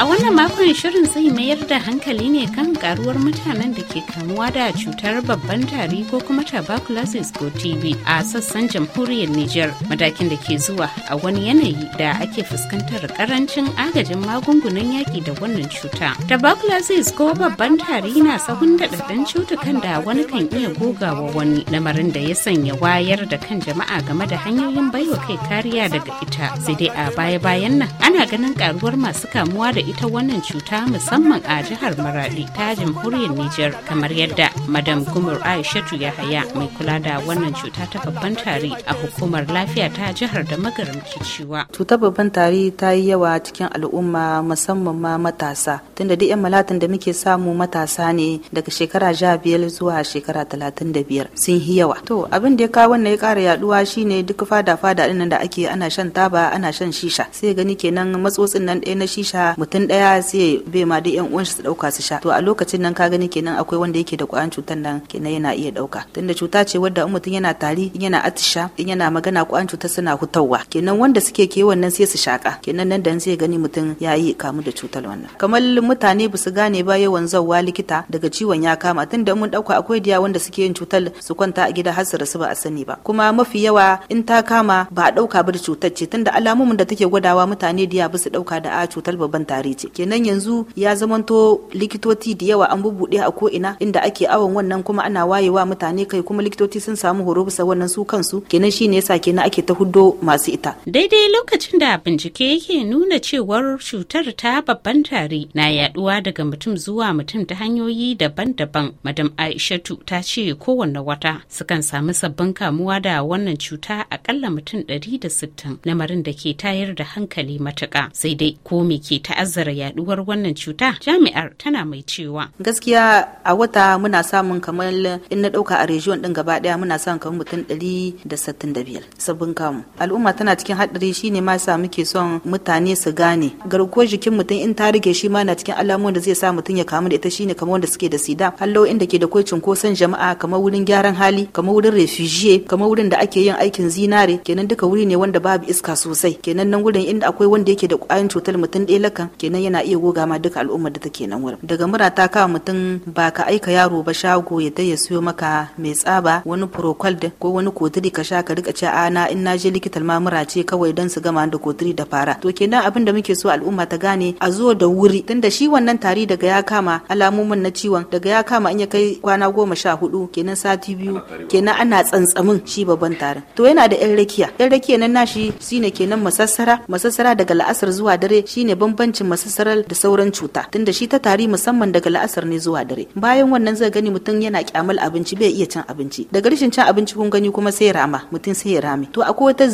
A wannan makon shirin zai mayar da hankali ne kan karuwar mutanen da ke kamuwa da cutar babban tari ko kuma tuberculosis ko TB a sassan jamhuriyar Nijar matakin da ke zuwa a wani yanayi da ake fuskantar karancin agajin magungunan yaki da wannan cuta. Tuberculosis ko babban tari na sahun daɗaɗɗen cutukan da wani kan iya gogawa wani lamarin da ya sanya wayar da kan jama'a game da hanyoyin baiwa kai kariya daga ita sai dai a baya-bayan nan ana ganin karuwar masu kamuwa da da ita wannan cuta musamman a jihar Maradi ta jamhuriyar Nijar kamar yadda Madam Gumur Aishatu ya haya mai kula da wannan cuta ta babban tari a hukumar lafiya ta jihar da magarin cewa. Cutar babban tari ta yi yawa cikin al'umma musamman ma matasa tunda duk 'yan malatin da muke samu matasa ne daga shekara sha zuwa shekara talatin da biyar sun yi yawa. To abin da ya kawo wannan ya kara yaduwa shine duk fada fada ɗin da ake ana shan taba ana shan shisha sai gani kenan matsotsin nan ɗaya na shisha tun daya sai bai ma duk yan uwan shi su dauka su sha to a lokacin nan ka gani kenan akwai wanda yake da kwayan cutar nan kenan yana iya dauka tunda cuta ce wadda mutum yana tari in yana atisha in yana magana kwayan cutar suna hutawa kenan wanda suke ke wannan sai su shaka kenan nan dan sai gani mutum ya yi kamu da cutar wannan kamar mutane ba su gane ba yawan zawwa likita daga ciwon ya kama tunda mun dauka akwai diya wanda suke yin cutar su kwanta a gida har su rasu ba a sani ba kuma mafi yawa in ta kama ba a dauka ba da cutar ce tunda alamomin da take gwadawa mutane diya ba su dauka da a cutar babban tari tsare ce kenan yanzu ya zamanto likitoci da yawa an bubuɗe a ko ina inda ake awon wannan kuma ana wayewa mutane kai kuma likitoci sun samu horo bisa wannan su kansu kenan shine yasa kenan ake ta huddo masu ita daidai lokacin da bincike yake nuna cewar cutar ta babban tare na yaduwa daga mutum zuwa mutum ta hanyoyi daban-daban madam aishatu ta ce kowanne wata sukan samu sabbin kamuwa da wannan cuta a akalla mutum 160 lamarin da ke tayar da hankali matuka sai dai ko me ke ta'az azzara yaduwar wannan cuta jami'ar tana mai cewa gaskiya a wata muna samun kamar in na dauka a region din gaba daya muna samun kamar mutum 165 sabbin kamu al'umma tana cikin hadari shine ma sa muke son mutane su gane garkuwar jikin mutum in ta rike shi ma na cikin alamomin da zai sa mutum ya kamu da ita shine kamar wanda suke da sida hallo inda ke da kwai cinkoson jama'a kamar wurin gyaran hali kamar wurin refugee kamar wurin da ake yin aikin zinare kenan duka wuri ne wanda babu iska sosai kenan nan wurin inda akwai wanda yake da kwayan cutar mutum ɗaya lakan kenan yana iya goga ma duka al'ummar da take nan wurin daga mura ta kawo mutum ba ka aika yaro ba shago ya ya siyo maka mai tsaba wani protocol ko wani kotiri ka sha ka rika ce a in na je likitan ma mura ce kawai don su gama da kotiri da fara to kenan abin da muke so al'umma ta gane a zo da wuri tunda shi wannan tari daga ya kama alamomin na ciwon daga ya kama in ya kai kwana goma sha hudu kenan sati biyu kenan ana tsantsamin shi babban tarin to yana da yan rakiya yan rakiya nan nashi shine kenan masassara masassara daga la'asar zuwa dare shine bambancin masasarar da sauran cuta tunda shi ta tari musamman daga la'asar ne zuwa dare bayan wannan zai gani mutum yana kyamal abinci bai iya cin abinci daga rashin cin abinci kun gani kuma sai rama mutum sai ya rame to akwai wata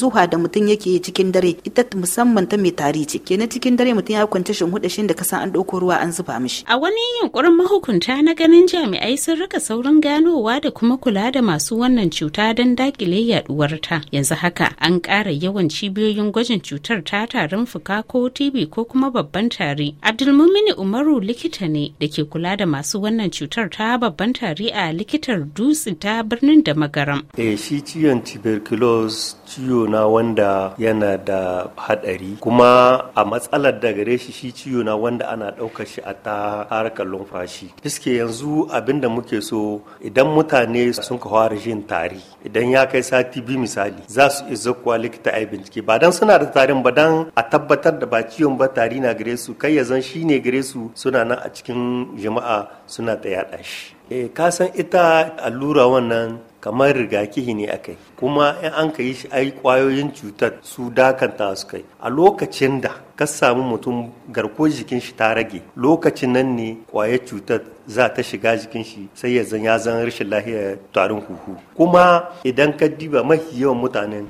zuwa da mutum yake cikin dare ita musamman ta mai tari ce kenan cikin dare mutum ya kwanta shin hudu shin da kasan an ɗauko ruwa an zuba mishi a wani yunkurin mahukunta na ganin jami'ai sun rika saurin ganowa da kuma kula da masu wannan cuta don dakile yaduwar ta yanzu haka an ƙara yawan cibiyoyin gwajin cutar ta tarin fuka ko tb ko ko kuma babban tari. Abdulmumini Umaru likita ne da ke kula da masu wannan cutar ta babban tari a likitar dutse ta birnin da magaram. Eh shi ciwon tuberculosis ciwo na wanda yana da hadari kuma a matsalar da gare shi shi ciwo na wanda ana ɗaukar shi a ta harkar lumfashi. Iske yanzu abin da muke so idan mutane sun ka fara jin tari idan ya kai sati biyu misali za su kuwa kuwa likita a bincike ba dan suna da tarin ba dan a tabbatar da ba ciwon ba tari na gare su kai ya zan shi ne gare su suna nan a cikin jama'a suna ta yaɗa shi e, ka san ita allura wannan kamar rigakihi ne akai kuma in an ka yi shi ai kwayoyin cutar su dakanta su kai a lokacin da ka samu mutum garko jikin shi ta rage lokacin nan ne kwayar cutar za ta shiga jikin shi sai ya zan ya zan rashin lahiyar tarin huhu kuma idan ka diba mafi yawan mutanen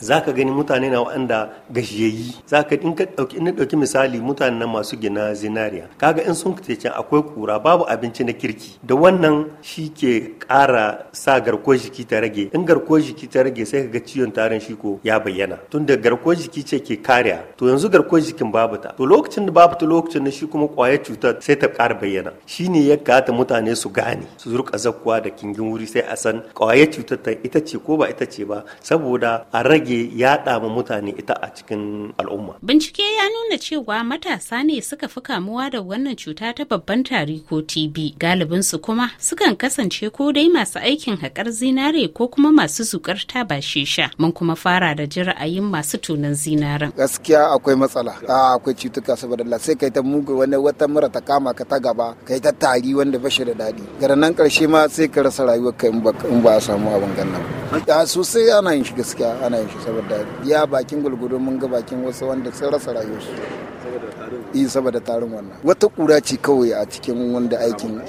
za ka gani mutane na wanda gajiyayi. za ka in ka ɗauki in ɗauki misali mutane na masu gina zinariya kaga in sun kace can akwai kura babu abinci na kirki da wannan shi ke ƙara sa garkuwar jiki ta rage in garkuwar jiki ta rage sai ka ga ciwon tarin shi ko ya bayyana tunda da garkuwar jiki ce ke kariya to yanzu garkuwar jikin babu ta to lokacin da babu ta lokacin da shi kuma kwaya cutar sai ta ƙara bayyana shi ne ya kata mutane su gane su rika zakkuwa da kingin wuri sai a san cutar ta ita ce ko ba ita ce ba saboda a rage rage yaɗa ma mutane ita a cikin al'umma. Bincike ya nuna cewa matasa ne suka fi kamuwa da wannan cuta ta babban tari ko TB. Galibin su kuma sukan kasance ko dai masu aikin haƙar zinare ko kuma masu zukar taba shisha. Mun kuma fara da ji ra'ayin masu tunan zinaren. Gaskiya akwai matsala. akwai cutuka saboda Allah sai kai ta mugu wani wata mura ta kama ka ta gaba kai ta tari wanda ba shi da daɗi. Gara nan ƙarshe ma sai ka rasa rayuwar ka in ba a samu abin gannan. Sosai ana yin shi gaskiya ana yin saboda ya bakin gulgudu mun ga bakin wasu wanda sun rasa rayuwarsu yi eh, saboda tarin wannan wata kura ce kawai a cikin wanda aikin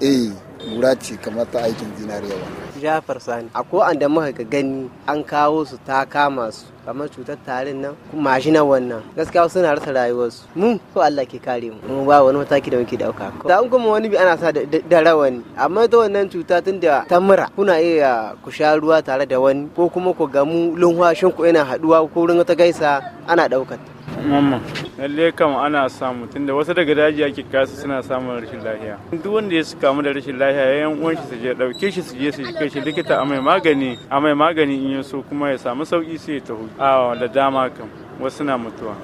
eh kura eh, ce kamar ta aikin zinariya wannan Jafar Sani a ko da muka ga gani an kawo su ta kama su kamar cutar tarin nan mashinan wannan gaskiya suna rasa rayuwarsu mu ko Allah ke kare mu mu ba wani mataki da muke dauka da an kuma wani bi ana sa da rawani amma ta wannan cuta tun da ta mura kuna iya ku sha ruwa tare da wani ko kuma ku gamu lunwashin ku yana haduwa ko wurin ta gaisa ana daukar mamman lalle kam ana samu tunda wasu daga daji ake kasu suna samun rashin lafiya duk wanda ya kamu da rashin lafiya ya yan uwan shi su je dauke shi su je su kai shi likita a mai magani a mai magani in yi so kuma ya samu sauki sai ya taho a da dama kam wasu na mutuwa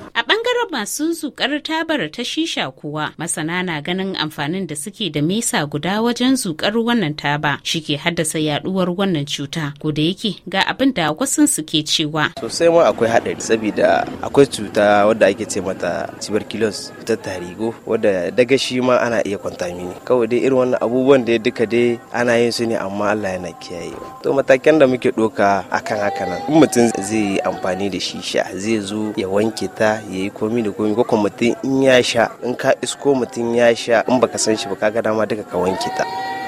masu zukar tabar ta shisha kuwa masana na ganin amfanin da suke da mesa guda wajen zukar wannan taba shike haddasa yaduwar wannan cuta ko da yake ga abin da wasun suke cewa. Sosai ma akwai haɗari saboda akwai cuta wadda ake ce mata tuberculosis ta tarigo wadda daga shi ma ana iya kwanta kwantamini kawai dai irin wannan abubuwan da duka dai ana yin su ne amma Allah yana kiyaye. To matakan da muke ɗoka akan haka nan in mutum zai yi amfani da shisha zai zo ya wanke ta ya yi komai komi da komi ko mutum in ya sha in ka isko mutum ya sha in baka san shi ba ka ga dama duka ka wanke ta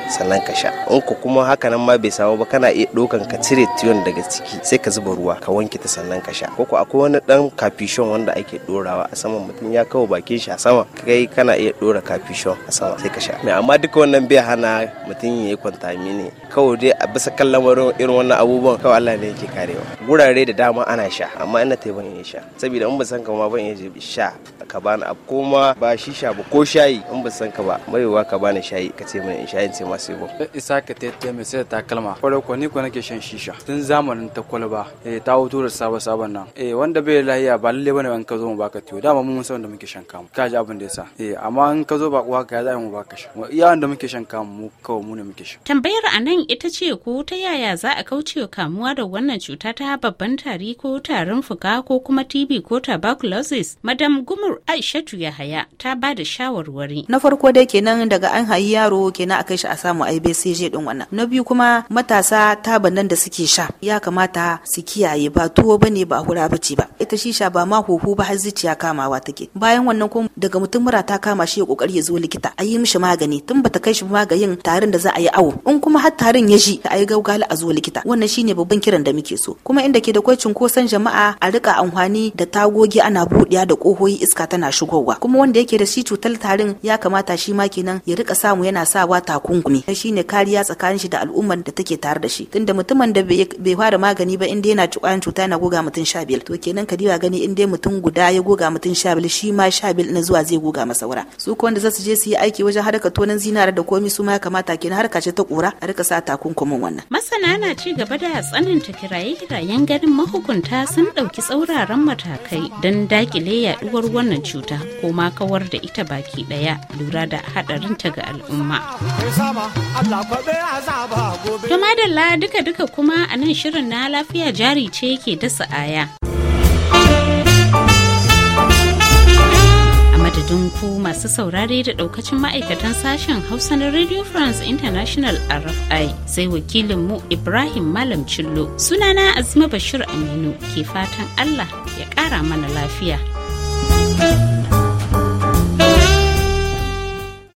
sannan ka sha in ku kuma haka nan ma bai samu ba kana iya ɗaukan ka cire tiyon daga ciki sai ka zuba ruwa ka wanke ta sannan ka sha koko akwai wani dan kafishon wanda ake dorawa a saman mutum ya kawo bakin shi a sama kai kana iya dora kafishon a sama sai ka sha mai amma duka wannan bai hana mutum ya yi kwantami ne kawai dai a bisa kan lamarin irin wannan abubuwan kawai Allah ne yake karewa gurare da dama ana sha amma ina ta ban iya sha saboda in ba san ka ma ban iya sha ka bani abu ko ma ba shisha ba ko shayi in ba san ka ba marewa ka bani shayi ka ce mai shayin ce ma masibo eh, isa ka tete mai sai ta takalma kwarai ko ni ko nake shan shisha tun zamanin ta kwalba eh ta wuto da sabon sabon nan eh wanda bai lahiya ba lalle bane in ka zo mu baka tiyo dama mun san da muke shan kamu ka ji abin da yasa eh amma in ka zo ba kuwa ka za mu baka shi iya wanda muke shan kamu mu kawai mu ne muke shan tambayar anan ita ce ko ta yaya za a kauce kamuwa da wannan cuta ta babban tari ko tarin fuka ko kuma TB ko tuberculosis madam gumur Aishatu Yahaya ta ba da shawarwari na farko dai kenan daga an hayi yaro kenan a kai shi a samu ai bai sai je din wannan na biyu kuma matasa taban nan da suke sha ya kamata su kiyaye ba tuwo ba ne ba hura bace ba ita shisha ba ma huhu ba har zuciya kamawa take bayan wannan kuma daga mutum mura ta kama shi ya kokari ya zo likita a yi mishi magani tun bata kai shi maganin tarin da za a yi awo in kuma har tarin ya shi a yi gaugala a zo likita wannan shine babban kiran da muke so kuma inda ke da kwai cinkoson jama'a a rika amfani da tagogi ana buɗiya da ƙohoyi iska tana shigowa kuma wanda yake da shi cutar tarin ya kamata shi ma kenan ya rika samu yana sawa takunkumi ne shine kariya tsakanin shi da al'ummar da take tare da shi tunda mutumin da bai fara magani ba inda yana ci kwayan cuta yana goga mutum sha to kenan ka diba gani inda mutum guda ya goga mutum sha shi ma sha biyar na zuwa zai goga masa wura su ko wanda za su je su yi aiki wajen harkar tonin zinare da komai su ma ya kamata kenan harka ce ta kura a rika sa takunkumin wannan masana na ci gaba da tsananta kiraye-kirayen garin mahukunta sun ɗauki tsauraran matakai don dakile yaduwar wannan cuta ko ma kawar da ita baki ɗaya lura da haɗarinta ga al'umma. Allah duka-duka kuma a nan shirin na lafiya jari ce yake dasa aya. madadin ku masu saurare da daukacin ma'aikatan sashen hausa na radio france international rfi sai wakilin mu ibrahim malam cillo sunana azima bashir aminu ke fatan allah ya kara mana lafiya.